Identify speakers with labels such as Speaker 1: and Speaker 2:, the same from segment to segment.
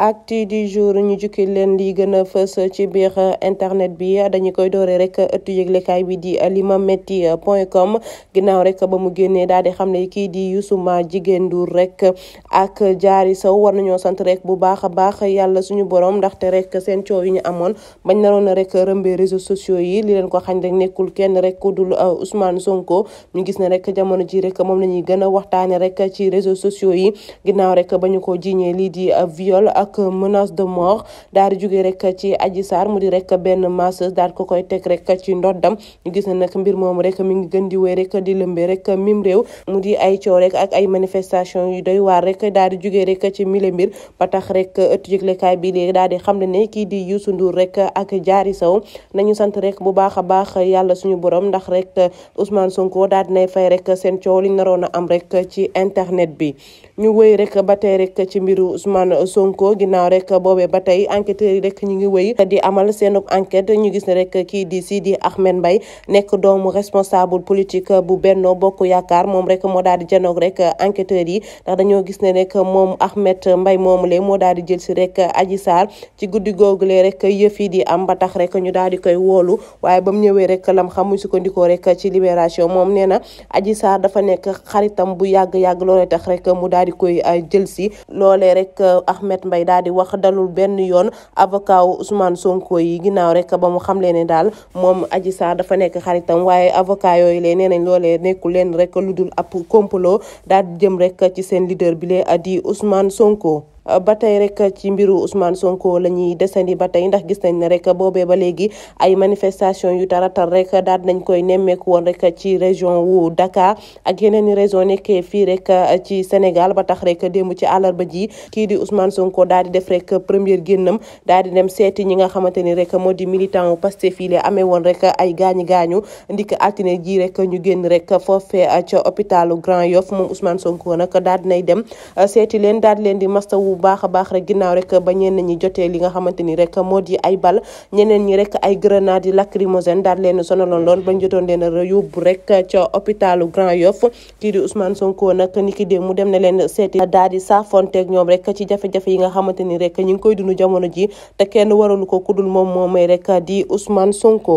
Speaker 1: actu du jour ñu jukki leen li gën a fës ci biir internet bi dañu koy dooree rek ëttu yëglekaay bi di limametti point comme ginnaw rek ba mu génnee daal di xam ne kii di Youssouma Jigéen Ndour rek ak jaari Sow war nañoo sant rek bu baax a baax yàlla suñu borom ndaxte rek seen coow yi ñu amoon bañ naroon na rek rëmbee réseaux sociaux yi li leen ko xañ rek nekkul kenn rek ku dul euh, Ousmane Sonko ñu gis ne rek jamono ji rek moom la ñuy gën a waxtaane rek ci réseaux sociaux yi ginnaaw rek ba ñu ko jiiñee lii di viol ak ak menace de mort daal di jóge rek ci Adji mu di rek benn masseuse daal ko koy teg rek ci ndoddam ñu gis na nag mbir moomu rek mi ngi gën di wéy rek di lëmbee rek mim réew mu di ay coow rek ak ay manifestation yu doy waar rek daal di jóge rek ci mile mbir ba tax rek ëttu yëglekaay bi léegi daal di xam ne ne kii di Youssou Ndour rek ak Diary Sow nañu sant rek bu baax a baax yàlla suñu borom ndax rek Ousmane Sonko daal nay fay rek seen coow liñ naroon a am rek ci internet bi ñu wéy rek ba tey rek ci mbiru Ousmane Sonko ginnaaw rek boobee ba tey enquêteurs yi rek ñu ngi wéy di amal seen enquête ñu gis ne rek kii di Sidi Ahmed Mbaye nekk doomu responsable politique bu Benno Bokk Yaakaar moom rek moo daal di janoog rek enquêteurs yi dañoo gis ne rek moom Ahmed Mbaye moomu le moo daal di jël si rek Adji Sarr ci guddi googulee rek yëf yi di am ba tax rek ñu daal di koy woolu waaye ba mu ñëwee rek lam xamuñ sukkandikoo rek ci libération moom nee na Adji Sarr dafa nekk xaritam bu yàgg-yàgg loolee tax rek mu daal di koy euh, jël si loolee rek euh, Ahmed Mbaye daal di wax dalul benn yoon avocat wu Ousmane Sonko yi ginnaaw rek ba mu xam leen ne daal moom Adji Sarr dafa nekk xaritam waaye avocat yooyu lee nee nañ loolee nekkul leen rek lu dul ab complot daal di jëm rek ci seen leader bi lee di Ousmane Sonko. ba tey rek ci mbiru Ousmane Sonko la ñuy desandi ba tey ndax gis nañ ne rek boobee ba léegi ay manifestation yu taratar rek daal nañ koy nemmeeku woon rek ci région wu Dakar ak yeneen i région nekkee fii rek ci Sénégal ba tax rek démb ci àllarba ji kii di Ousmane Sonko daal di def rek génnam daal di dem seeti ñi nga xamante ni rek moo di militant wu Pastef yi la amee woon rek ay gaañu gaañu ndik altine ji rek ñu génn rek foofee ca hôpitalu Grand Yoff moom Ousmane Sonko nag daal di nay dem seeti leen daal leen di mastawu bu baax a baax rek ginnaaw rek ba ñenn ñi jotee li nga xamante ni rek moo di ay bal ñeneen ñi rek ay grenade yi lacrymogène daal leen sonaloon lool bañ jotoon leen a yóbbu rek ca hôpitalu Grand Yoff kii di Ousmane Sonko nag ni ki démb mu dem na leen seeti daal di saafonteeg ñoom rek ci jafe-jafe yi nga xamante ni rek ñu ngi koy dund jamono ji te kenn waralu ko kudul moom moo may rek di Ousmane Sonko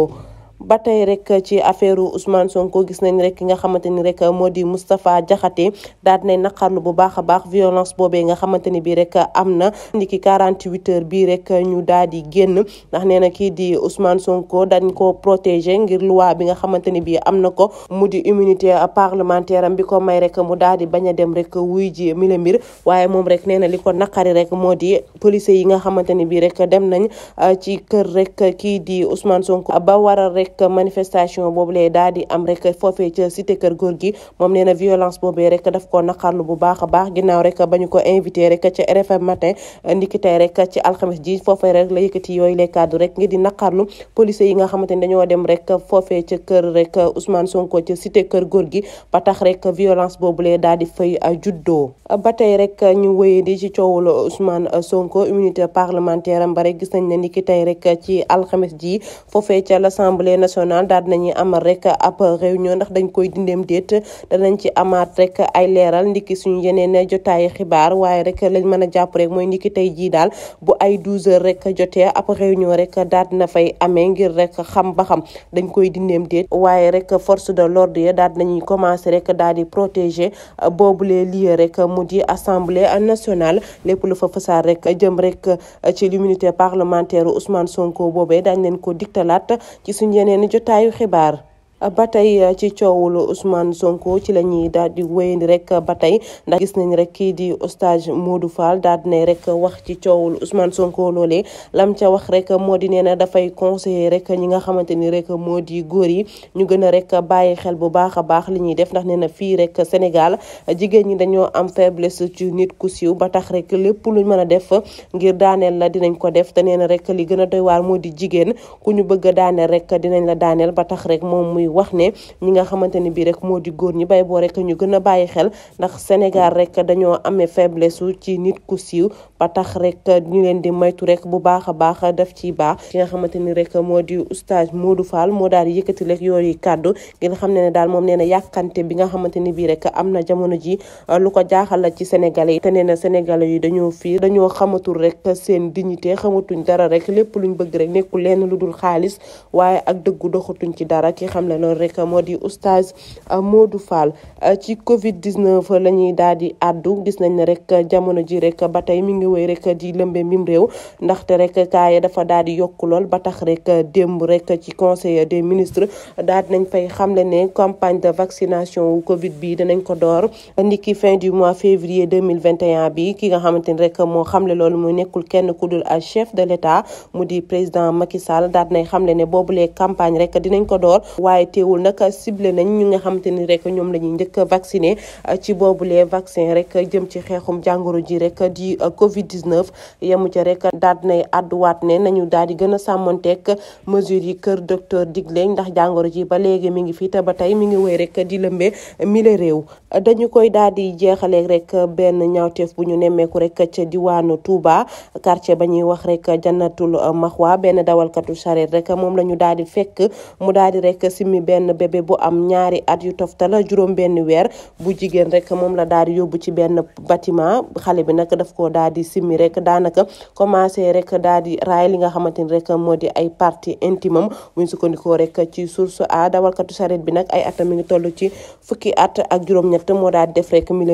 Speaker 1: ba tey rek ci affaire Ousmane Sonko gis nañ rek ki nga xamante ni rek moo di Moustapha Diakhaté daal di nañ naqarlu bu baax a baax violence boobee nga xamante ni bii rek am na ndiki 48 heures bii rek ñu daal di génn ndax nee na kii di Ousmane Sonko dañ ko protéger ngir loi bi nga xamante ni bii am na ko mu di immunité parlementaire am bi ko may rek mu daal di bañ a dem rek wuy ji mila mbir waaye moom rek nee na li ko naqari rek moo di policiers yi nga xamante ni bii rek dem nañ ah, ci kër rek kii di Ousmane Sonko ba waral rek rek manifestation boobu lee daal di am rek foofee ca cité kër góor gi moom nee na violence boobee rek daf ko naqarlu bu baax a baax ginnaaw rek ba ko invité rek ca RFM matin ndiki tey rek ci alxames ji di naqarlu police yi nga xamante ni dañoo dem rek foofee ca kër rek Ousmane Sonko ca cité kër góor gi ba tax rek violence boobu lee daal di fay juddoo ba tey rek ñu wéyee di ci coowul Ousmane Sonko immunité parlementaire am ba rek gis nañ ne ndiki tey rek ci alxames ji foofee ca l'assemblée national daal dinañuy amal rek ab dañ koy dindeem déet danañ ci amaat rek ay leeral ndiki suñu yeneen jotaayu xibaar waaye rek lañ mën a jàpp rek mooy ndiki tey jii daal bu ay 12 heures rek jotee ab réunion rek daal dina fay amee ngir rek xam ba xam dañ koy dindeem déet waaye rek force de l'ordre ya daal dinañuy commencé rek daal di protéger boobule lieu rek mu di a nationale lépp lu fa fasaar rek jëm rek ci l'immunité parlementaire Ousmane Sonko boobee dañ leen ko diktalaat ci suñu ni jotaayu xibaar ba tey eh, ci coowul Ousmane Sonko ci la ñuy daal di wéyandi rek eh, ba tey ndax gis nañ rek kii di Oustaz Modou Fall daal di ne rek wax ci coowul Ousmane Sonko loolee lam ca wax rek moo di nee na dafay conseiller rek ñi nga xamante ni rek moo di góor yi ñu gën a rek bàyyi xel bu baax a baax li ñuy def ndax nee na fii rek Sénégal jigéen ñi dañoo am faiblesse ci nit ku siiw ba tax rek lépp luñ mën a def ngir daaneel la dinañ ko def te nee na rek li gën a doy waar moo di jigéen ku ñu bëgg a daaneel rek dinañ la daaneel ba tax rek moom muy wax ne ñi nga xamante ni bii rek moo di góor ñi bay boo rek ñu gën a bàyyi xel ndax Sénégal rek dañoo amee faiblesse ci nit ku siiw ba tax rek ñu leen di maytu rek bu baax a baax daf ci baax ki nga xamante ni rek moo di moo Modou Fall moo daal di yëkkati rek yooyu kàddu ngeen xam ne ne daal moom nee na yàkkante bi nga xamante ni bii rek am na jamono ji uh, lu ko jaaxal la ci Sénégalais yi te nee na Sénégalais yi dañoo fiir dañoo xamatul rek seen dignité xamatuñ dara rek lépp luñ bëgg rek nekkul lenn lu dul xaalis waaye ak dëggu doxatuñ ci dara ki xam le loolu rek moo di oustaz euh, Modou Fall euh, ci Covid 19 la ñuy daal di addu gis nañ ne rek jamono ji rek ba tey mi ngi wéy rek di lembe mim réew ndaxte rek kaaya dafa daal di yokku lool ba tax rek démb rek ci conseil des ministres daal nañ fay xamle ne campagne de vaccination wu Covid bi danañ ko door ndiki fin du mois février 2021 bi ki nga xamante ni rek moo xamle loolu muy nekkul kenn ku dul chef de l' mu di président Macky Sall daal nay xamle ne boobulee campagne rek dinañ ko door waaye teewul nag ciblé nañ ñu nga xamante ni rek ñoom la ñuy njëkk vacciné euh, ci boobulee vaccin rek jëm ci xeexum jàngoro ji rek di euh, covid 19 yemu ca rek daal dinay àdduwaat ne nañu daal di gën a sàmmonteeg mesures yi kër docteur digle ndax jàngoro ji ba léegi mi ngi fii ba tey mi ngi wéy rek di lëmbee mille réew dañu koy daal di jeexalee rek benn ñaawteef bu ñu nemmeeku rek ca diwaanu Touba quartier ba ñuy wax rek jannatul maxwa benn dawalkatu charrette rek moom la ñu daal di fekk mu daal di rek juróomi benn bébé bu am ñaari at yu toftala juróom benn weer bu jigéen rek moom la daal di yóbbu ci benn bâtiment xale bi nag daf ko daal di simmi rek daanaka commencé rek daal di raay li nga xamante ni rek moo di ay partie intime am buñ sukkandikoo rek ci source a saret bi nag ay atam mi ngi toll ci fukki at ak juróom moo daal di def rek mi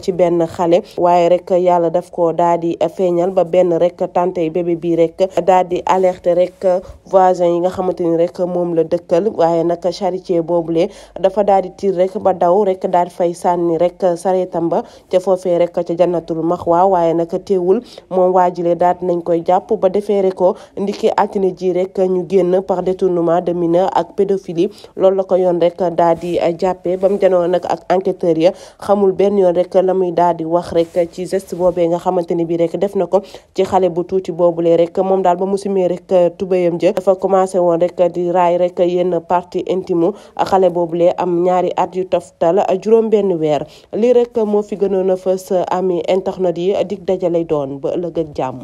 Speaker 1: ci benn xale waaye rek yàlla daf ko daal di feeñal ba benn rek tante bébé bii rek daal di alerter rek voisin yi nga xamante ni rek moom la dëkkal waaye nag nag charité boobule dafa daal di tiir rek ba daw rek daal di fay sànni rek sareetam ba ca foofee rek ca jannatul maxwa waaye nag teewul moom waajile daal nañ koy jàpp ba defeere ko ndiki altine ji rek ñu génn par détournement de mineur ak pédophilie loolu la ko yoon rek daal di jàppee ba mu janoo nag ak enquêteur ya xamul benn yoon rek la muy daal di wax rek ci geste boobee nga xamante ni bi rek def na ko ci xale bu tuuti boobulee rek moom dal ba musimee rek tubéyam ja dafa commencé woon rek di a xale boobule am ñaari at yu toftal juróom benn weer lii rek moo fi gënoon a fës ami internet yi dig dajalay doon ba ëllëg ak jàmm